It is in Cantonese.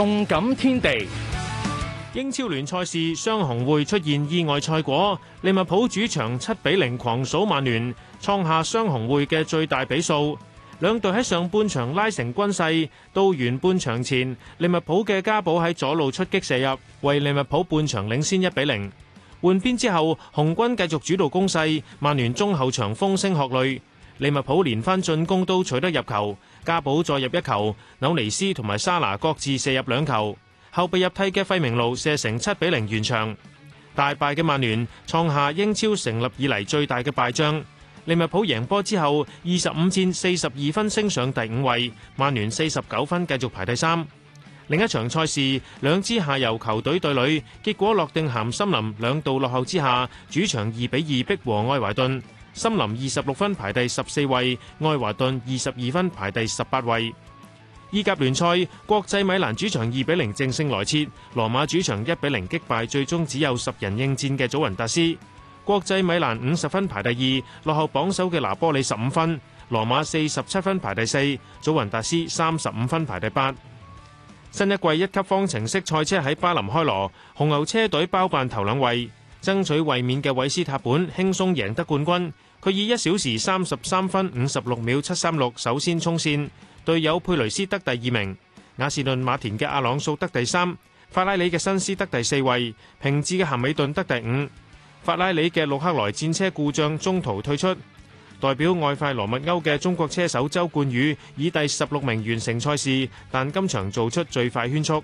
動感天地，英超聯賽事雙紅會出現意外賽果，利物浦主場七比零狂掃曼聯，創下雙紅會嘅最大比數。兩隊喺上半場拉成均勢，到完半場前，利物浦嘅加保喺左路出擊射入，為利物浦半場領先一比零。換邊之後，紅軍繼續主導攻勢，曼聯中後場風聲鶴唳，利物浦連番進攻都取得入球。加保再入一球，紐尼斯同埋沙拿各自射入兩球，後備入替嘅費明路射成七比零完場，大敗嘅曼聯創下英超成立以嚟最大嘅敗仗。利物浦贏波之後，二十五戰四十二分升上第五位，曼聯四十九分繼續排第三。另一場賽事，兩支下游球隊對壘，結果諾定咸森林兩度落後之下，主場二比二逼和愛華頓。森林二十六分排第十四位，愛華頓二十二分排第十八位。意甲聯賽，國際米蘭主場二比零淨勝萊切，羅馬主場一比零擊敗最終只有十人應戰嘅祖雲達斯。國際米蘭五十分排第二，落後榜首嘅拿波里十五分。羅馬四十七分排第四，祖雲達斯三十五分排第八。新一季一級方程式賽車喺巴林開鑼，紅牛車隊包辦頭兩位。爭取衛冕嘅韋斯塔本輕鬆贏得冠軍，佢以一小時三十三分五十六秒七三六首先衝線，隊友佩雷斯得第二名，亞士頓馬田嘅阿朗素得第三，法拉利嘅新斯得第四位，平治嘅咸美頓得第五，法拉利嘅洛克萊戰車故障中途退出，代表外快羅密歐嘅中國車手周冠宇以第十六名完成賽事，但今場做出最快圈速。